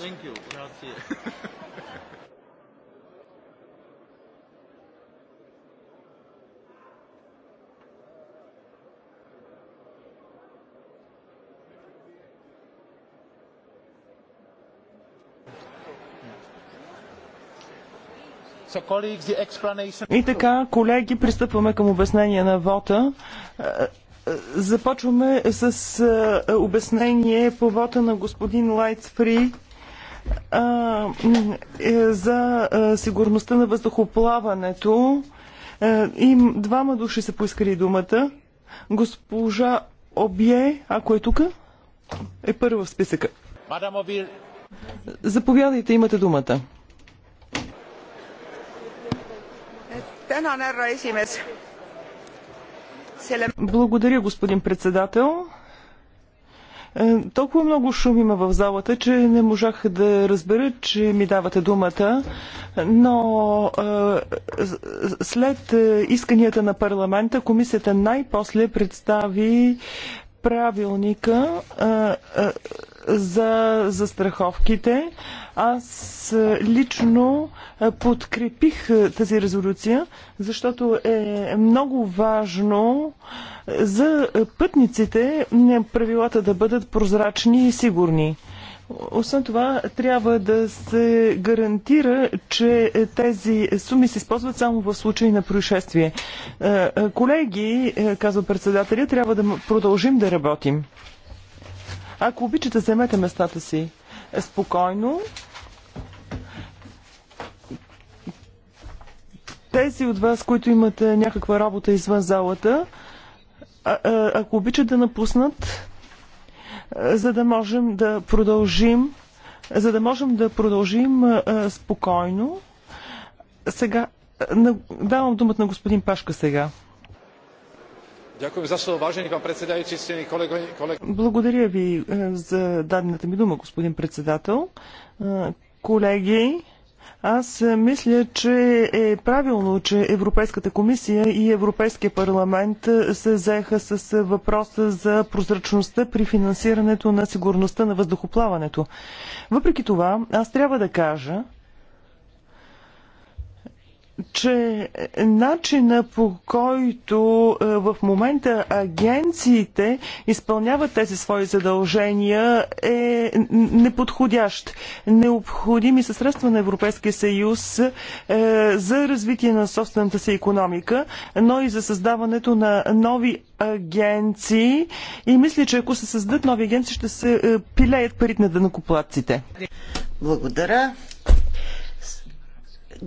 Thank you. Grazie. И така, колеги, пристъпваме към обяснение на вота. Е, е, започваме с е, обяснение по вота на господин Лайтфри. Е, за сигурността на въздухоплаването. Е, И двама души са поискали думата. Госпожа Обие, ако е тук, е първа в списъка. Заповядайте, имате думата. Благодаря, господин председател. Е, толкова много шум има в залата, че не можах да разбера, че ми давате думата, но е, след е, исканията на парламента комисията най-после представи правилника за застраховките. Аз е, лично е, подкрепих е, тази резолюция, защото е много важно за пътниците правилата да бъдат прозрачни и сигурни. Освен това, трябва да се гарантира, че тези суми се използват само в случай на происшествие. Колеги, казва председателя, трябва да продължим да работим. Ако обичате, вземете местата си. Е, спокойно. Тези от вас, които имате някаква работа извън залата, а, а, ако обичат да напуснат, а, е, за да можем да продължим, за да можем да продължим а, е, спокойно. Сега давам думата на господин Пашка сега. Благодаря ви е, за дадената ми дума, господин председател. Е, колеги, аз мисля, че е правилно, че Европейската комисия и Европейския парламент се взеха с въпроса за прозрачността при финансирането на сигурността на въздухоплаването. Въпреки това, аз трябва да кажа, че начина по който е, в момента агенциите изпълняват тези свои задължения е неподходящ. Необходими са средства на Европейския съюз е, за развитие на собствената си економика, но и за създаването на нови агенции. И мисля, че ако се създадат нови агенции, ще се е, пилеят парите на дънакоплатците. Благодаря.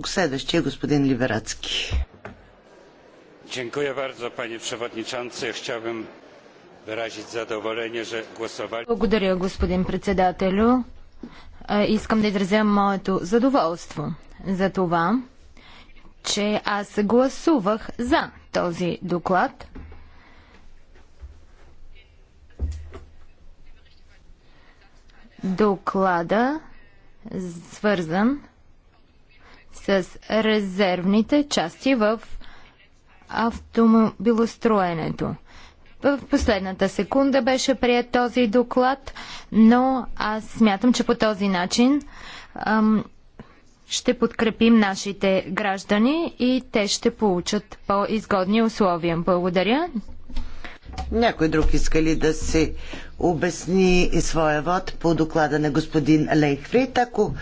Следващия е господин Либерацки. Благодаря, господин председателю. Е, искам да изразя моето задоволство за това, че аз гласувах за този доклад. Доклада свързан с резервните части в автомобилостроенето. В последната секунда беше прият този доклад, но аз смятам, че по този начин ам, ще подкрепим нашите граждани и те ще получат по-изгодни условия. Благодаря. Някой друг иска ли да се обясни своя вод по доклада на господин Лейхфрид? Ако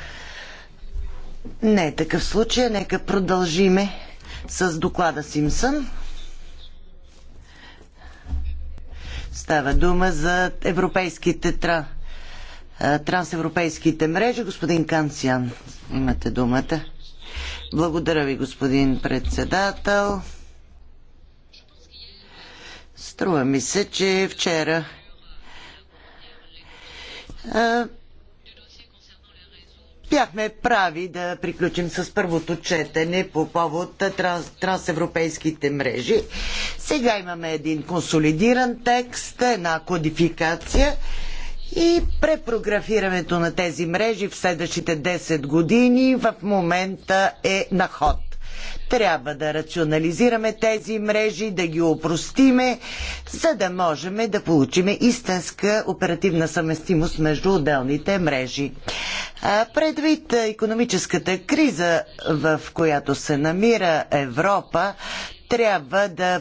не е такъв случай. Нека продължиме с доклада Симсън. Става дума за европейските тра... трансевропейските мрежи. Господин Канциан, имате думата. Благодаря ви, господин председател. Струва ми се, че вчера Бяхме прави да приключим с първото четене по повод транс, трансевропейските мрежи. Сега имаме един консолидиран текст, една кодификация и препрографирането на тези мрежи в следващите 10 години в момента е на ход. Трябва да рационализираме тези мрежи, да ги опростиме, за да можем да получим истинска оперативна съместимост между отделните мрежи. Предвид економическата криза, в която се намира Европа, трябва да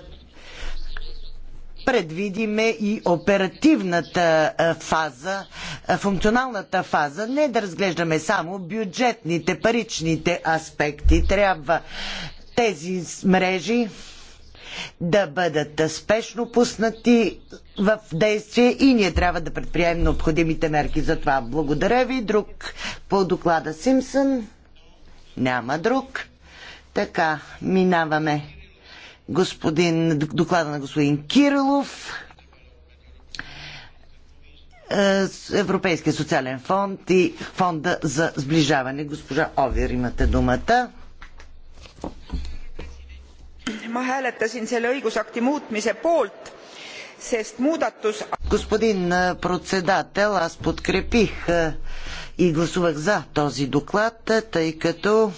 предвидиме и оперативната фаза, функционалната фаза. Не да разглеждаме само бюджетните, паричните аспекти. Трябва тези мрежи да бъдат спешно пуснати в действие и ние трябва да предприемем необходимите мерки за това. Благодаря ви. Друг по доклада Симпсън? Няма друг. Така, минаваме господин, доклада на господин Кирилов. Е, Европейския социален фонд и фонда за сближаване. Госпожа Овир, имате думата. õigusakti muutmise poolt sest muudatus Господин е, председател, аз подкрепих е, и гласувах за този доклад, тъй като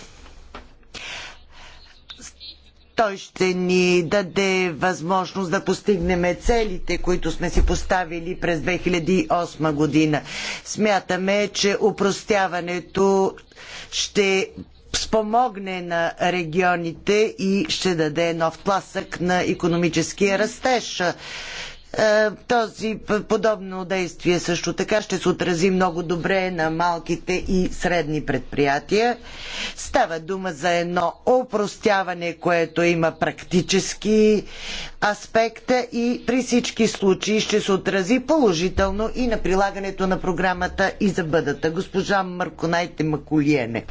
той ще ни даде възможност да постигнем целите, които сме си поставили през 2008 година. Смятаме, че упростяването ще спомогне на регионите и ще даде нов тласък на економическия растеж. Е, този подобно действие също така ще се отрази много добре на малките и средни предприятия. Става дума за едно опростяване, което има практически аспект и при всички случаи ще се отрази положително и на прилагането на програмата и за бъдата. Госпожа Марконайте Макулиене.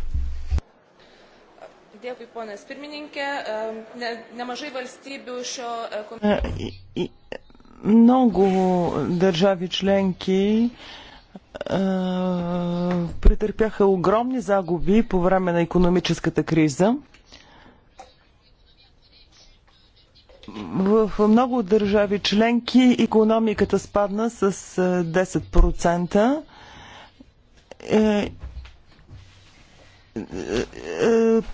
Dėkui, ponas pirmininkė. Nemažai valstybių šio. Много държави членки претърпяха огромни загуби по време на економическата криза. В много държави членки економиката спадна с 10%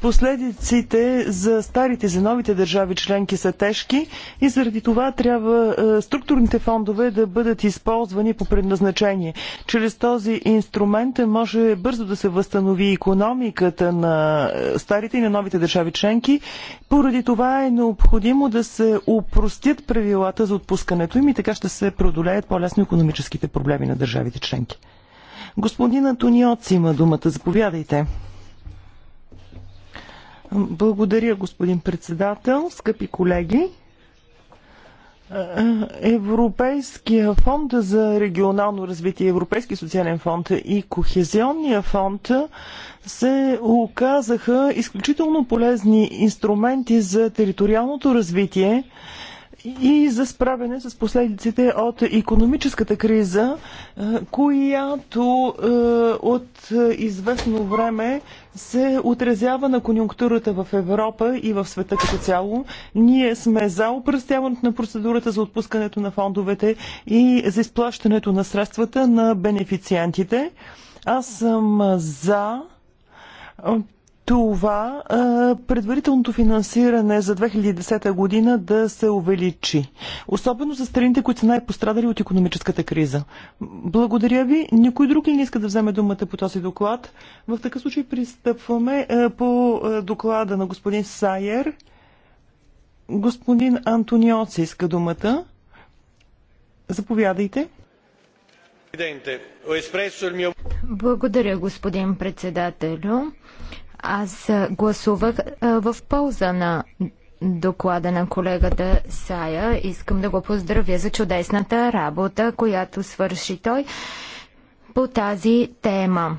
последиците за старите, за новите държави членки са тежки и заради това трябва е, структурните фондове да бъдат използвани по предназначение. Чрез този инструмент може бързо да се възстанови економиката на е, старите и на новите държави членки. Поради това е необходимо да се упростят правилата за отпускането им и така ще се преодолеят по-лесно економическите проблеми на държавите членки. Господин Антониоци има думата. Заповядайте. Благодаря, господин председател, скъпи колеги. Европейския фонд за регионално развитие, Европейски социален фонд и Кохезионния фонд се оказаха изключително полезни инструменти за териториалното развитие и за справяне с последиците от економическата криза, е, която е, от известно време се отразява на конюнктурата в Европа и в света като цяло. Ние сме за упростяването на процедурата за отпускането на фондовете и за изплащането на средствата на бенефициентите. Аз съм за това предварителното финансиране за 2010 година да се увеличи. Особено за страните, които са най-пострадали от економическата криза. Благодаря ви. Никой друг не иска да вземе думата по този доклад? В такъв случай пристъпваме по доклада на господин Сайер. Господин Антониоци иска думата. Заповядайте. Благодаря, господин председателю. Аз гласувах в полза на доклада на колегата Сая. Искам да го поздравя за чудесната работа, която свърши той по тази тема.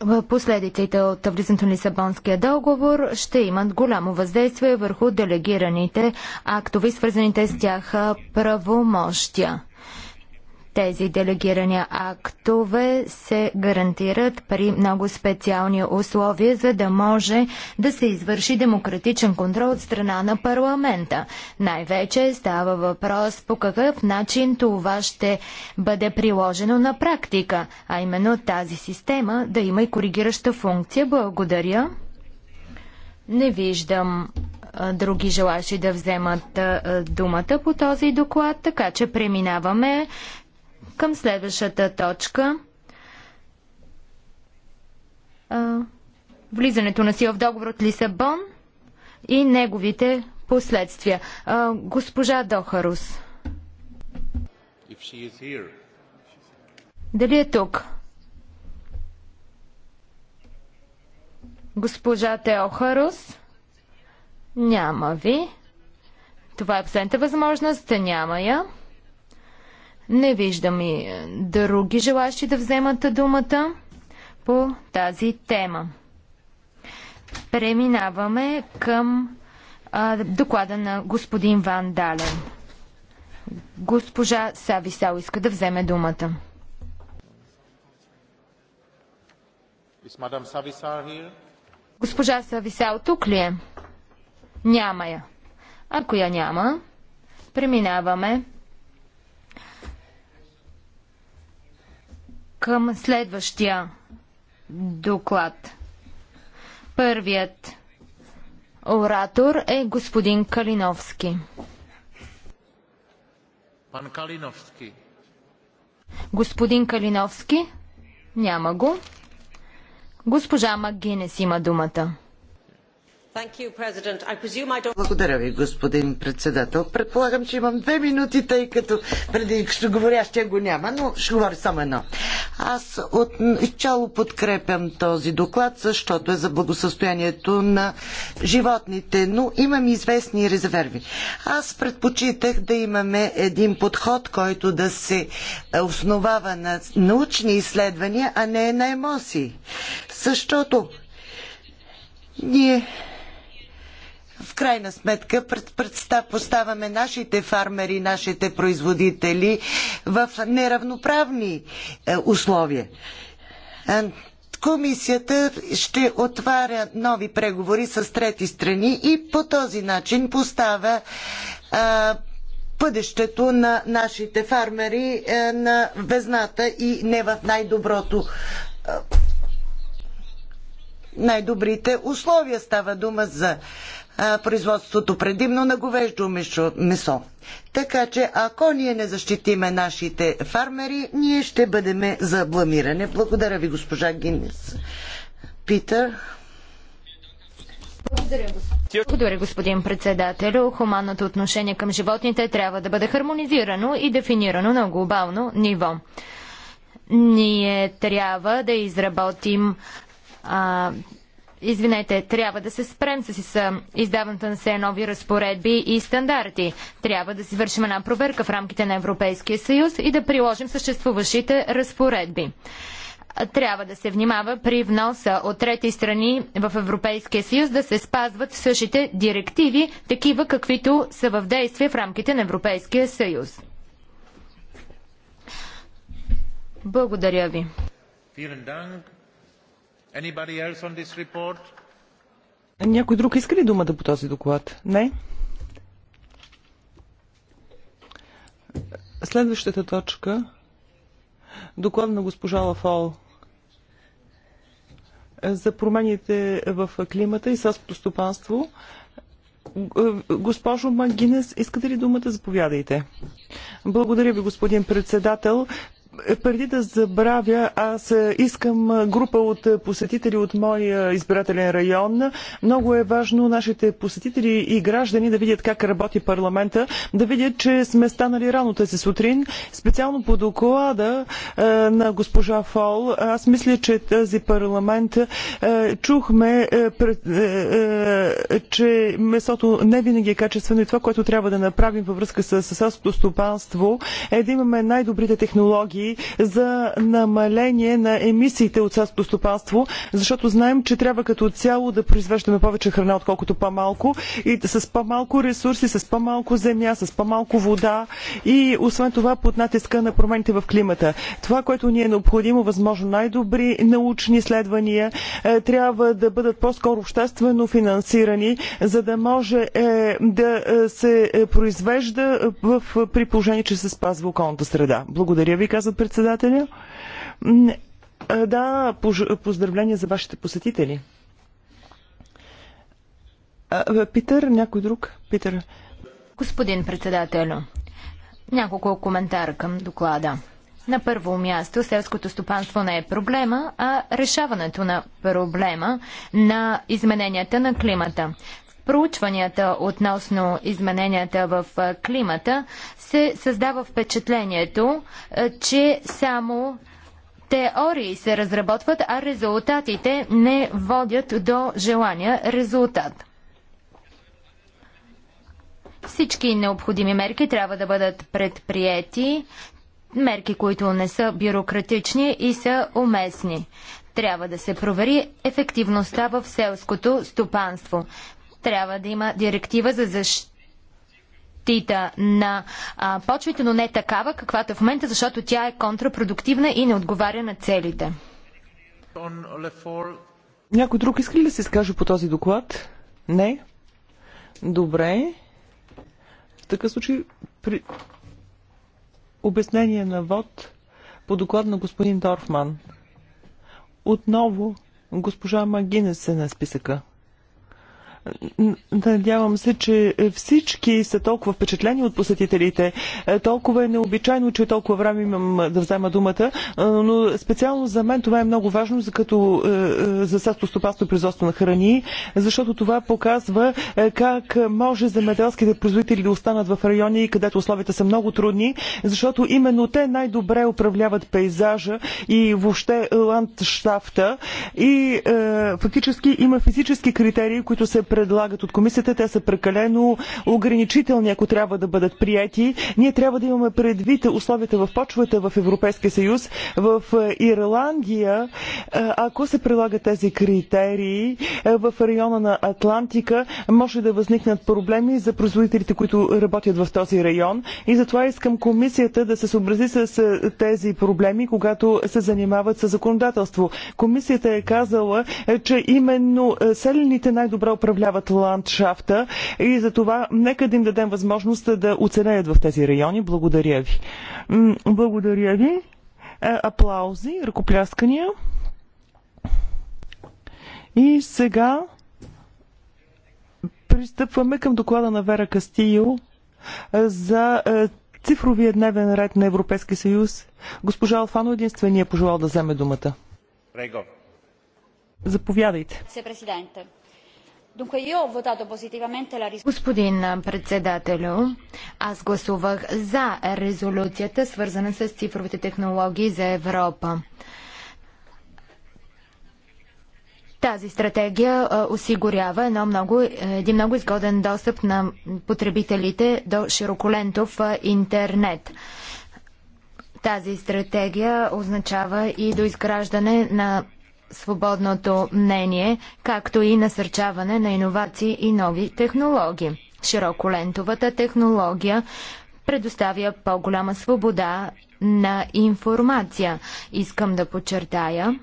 В Последиците от влизането на Лисабонския договор ще имат голямо въздействие върху делегираните актови, свързаните с тях правомощия. Тези делегирани актове се гарантират при много специални условия, за да може да се извърши демократичен контрол от страна на парламента. Най-вече става въпрос по какъв начин това ще бъде приложено на практика, а именно тази система да има и коригираща функция. Благодаря. Не виждам други желащи да вземат думата по този доклад, така че преминаваме към следващата точка. Влизането на сила в договор от Лисабон и неговите последствия. Госпожа Дохарус. Дали е тук? Госпожа Теохарус? Няма ви. Това е последната възможност, няма я. Не виждам и е, други желащи да вземат думата по тази тема. Преминаваме към а, доклада на господин Ван Дален. Госпожа Сависал иска да вземе думата. Госпожа Сависал тук ли е? Няма я. Ако я няма, преминаваме към следващия доклад. Първият оратор е господин Калиновски. Пан Калиновски. Господин Калиновски? Няма го. Госпожа Магинес има думата. Благодаря ви, господин председател. Предполагам, че имам две минути, тъй като преди ще говоря, ще го няма, но ще говоря само едно. Аз изчало подкрепям този доклад, защото е за благосъстоянието на животните, но имам известни резерви. Аз предпочитах да имаме един подход, който да се основава на научни изследвания, а не на емоции. Защото ние в крайна сметка поставяме нашите фармери, нашите производители в неравноправни е, условия. Е, комисията ще отваря нови преговори с трети страни и по този начин поставя а, е, бъдещето на нашите фармери а, на везната и не в най-доброто най-добрите условия. Става дума за производството предимно на говеждо месо. Така че, ако ние не защитиме нашите фармери, ние ще бъдем за бламиране. Благодаря ви, госпожа Гинес. Питър. Благодаря, господин. Благодаря, господин председател. Хуманното отношение към животните трябва да бъде хармонизирано и дефинирано на глобално ниво. Ние трябва да изработим а, Извинете, трябва да се спрем с издаването на все нови разпоредби и стандарти. Трябва да си вършим една проверка в рамките на Европейския съюз и да приложим съществуващите разпоредби трябва да се внимава при вноса от трети страни в Европейския съюз да се спазват същите директиви, такива каквито са в действие в рамките на Европейския съюз. Благодаря ви. Anybody else on this report? Някой друг иска ли думата по този доклад? Не? Следващата точка. Доклад на госпожа Лафол за промените в климата и селското стопанство. Госпожо Магинес, искате ли думата? Заповядайте. Благодаря ви, господин председател преди да забравя, аз искам група от посетители от моя избирателен район. Много е важно нашите посетители и граждани да видят как работи парламента, да видят, че сме станали рано тази сутрин. Специално по доклада е, на госпожа Фол, аз мисля, че тази парламент е, чухме, е, че месото не винаги е качествено и това, което трябва да направим във връзка с селското стопанство е да имаме най-добрите технологии за намаление на емисиите от селското стопанство, защото знаем, че трябва като цяло да произвеждаме повече храна, отколкото по-малко и с по-малко ресурси, с по-малко земя, с по-малко вода и освен това под натиска на промените в климата. Това, което ни е необходимо, възможно най-добри научни изследвания, е, трябва да бъдат по-скоро обществено финансирани, за да може е, да е, се произвежда в, при положение, че се спазва околната среда. Благодаря ви, каза председателя. Да, поздравления за вашите посетители. Питър, някой друг? Питър. Господин председател, няколко коментара към доклада. На първо място, селското стопанство не е проблема, а решаването на проблема на измененията на климата проучванията относно измененията в климата се създава впечатлението, че само теории се разработват, а резултатите не водят до желания резултат. Всички необходими мерки трябва да бъдат предприяти, мерки, които не са бюрократични и са уместни. Трябва да се провери ефективността в селското стопанство. Трябва да има директива за защита на а, почвите, но не такава, каквато е в момента, защото тя е контрапродуктивна и не отговаря на целите. Някой друг иска ли да се изкаже по този доклад? Не? Добре. В такъв случай при обяснение на вод по доклад на господин Дорфман. Отново госпожа Магинес е на списъка. Надявам се, че всички са толкова впечатлени от посетителите. Е, толкова е необичайно, че толкова време имам е, да взема думата, е, но специално за мен това е много важно за като за стопанство и производство на храни, защото това показва как може земеделските производители да останат в райони, където условията са много трудни, защото именно те най-добре управляват пейзажа и въобще ландшафта и фактически има физически критерии, които се предлагат от комисията, те са прекалено ограничителни, ако трябва да бъдат прияти. Ние трябва да имаме предвид условията в почвата в Европейския съюз. В е, Ирландия, е, ако се прилагат тези критерии е, в района на Атлантика, може да възникнат проблеми за производителите, които работят в този район. И затова искам комисията да се съобрази с тези проблеми, когато се занимават с законодателство. Комисията е казала, че именно селените най-добре управляват управляват ландшафта и за това нека да им дадем възможност да оцелеят в тези райони. Благодаря ви. Благодаря ви. Е, аплаузи, ръкопляскания. И сега пристъпваме към доклада на Вера Кастио за е, цифровия дневен ред на Европейския съюз. Госпожа Алфано единствения е пожелал да вземе думата. Заповядайте. Господин председателю, аз гласувах за резолюцията, свързана с цифровите технологии за Европа. Тази стратегия осигурява едно много, един много изгоден достъп на потребителите до широколентов интернет. Тази стратегия означава и до изграждане на свободното мнение, както и насърчаване на иновации и нови технологии. Широколентовата технология предоставя по-голяма свобода на информация. Искам да подчертая,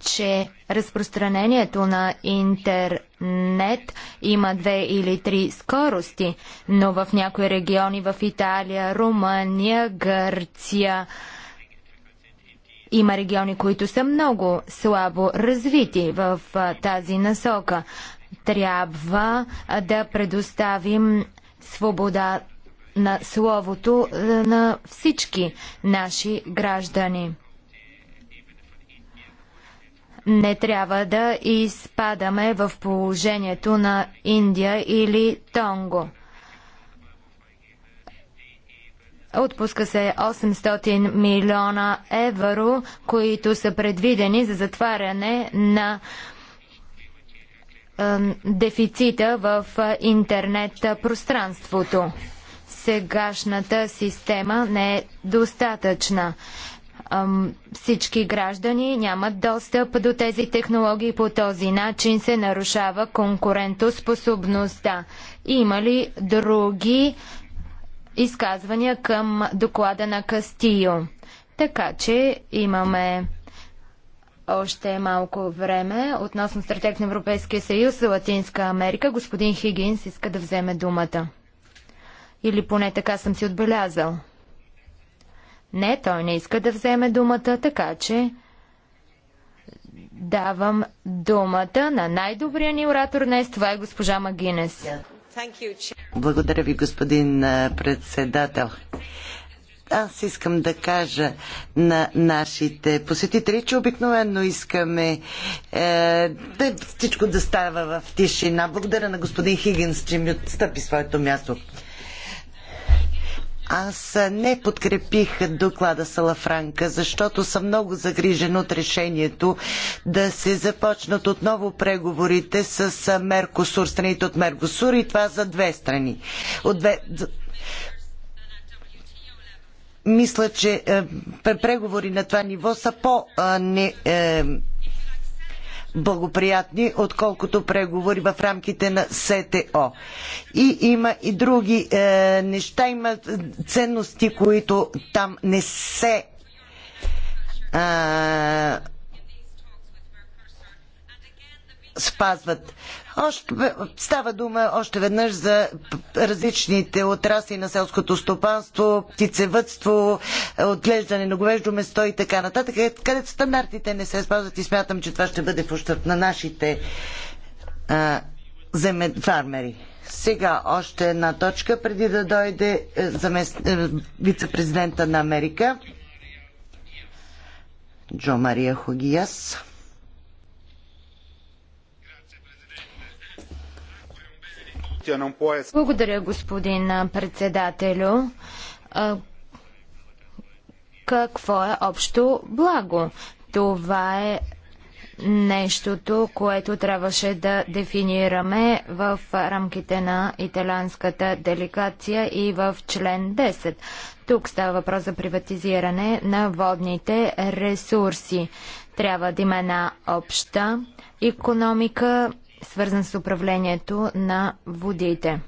че разпространението на интернет има две или три скорости, но в някои региони в Италия, Румъния, Гърция, има региони, които са много слабо развити в тази насока. Трябва да предоставим свобода на словото на всички наши граждани. Не трябва да изпадаме в положението на Индия или Тонго. Отпуска се 800 милиона евро, които са предвидени за затваряне на е, дефицита в интернет пространството. Сегашната система не е достатъчна. всички граждани нямат достъп до тези технологии. По този начин се нарушава конкурентоспособността. Има ли други изказвания към доклада на Кастио. Така че имаме още малко време относно стратег на Европейския съюз за Латинска Америка. Господин Хигинс иска да вземе думата. Или поне така съм си отбелязал. Не, той не иска да вземе думата, така че давам думата на най-добрия ни оратор днес. Това е госпожа Магинес. Благодаря ви, господин председател. Аз искам да кажа на нашите посетители, че обикновено искаме е, да всичко да става в тишина. Благодаря на господин Хигинс, че ми отстъпи своето място. Аз не подкрепих доклада Салафранка, защото съм много загрижен от решението да се започнат отново преговорите с Меркосур, страните от Меркосур и това за две страни. От две... Мисля, че преговори на това ниво са по-не благоприятни отколкото преговори в рамките на СТО. И има и други е, неща, има ценности, които там не се. Е, спазват. Още, става дума още веднъж за различните отрасли на селското стопанство, птицевътство, е, отглеждане на говеждо место и така нататък, е, където стандартите не се спазват и смятам, че това ще бъде в ущърп на нашите а, фармери. Сега още една точка, преди да дойде е, замест... вице-президента на Америка. Джо Мария Хогияс. Благодаря, господин председателю. Какво е общо благо? Това е нещото, което трябваше да дефинираме в рамките на италянската делегация и в член 10. Тук става въпрос за приватизиране на водните ресурси. Трябва да има една обща економика свързан с управлението на водите.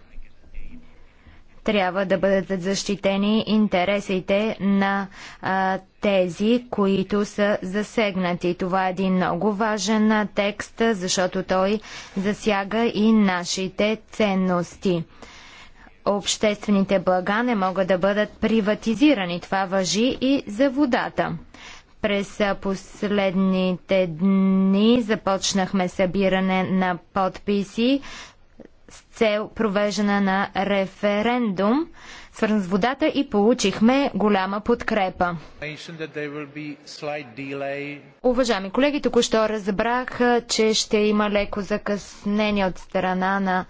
Трябва да бъдат защитени интересите на а, тези, които са засегнати. Това е един много важен текст, защото той засяга и нашите ценности обществените блага не могат да бъдат приватизирани. Това въжи и за водата. През последните дни започнахме събиране на подписи с цел провеждане на референдум свързан с водата и получихме голяма подкрепа. Уважаеми колеги, току-що разбрах, че ще има леко закъснение от страна на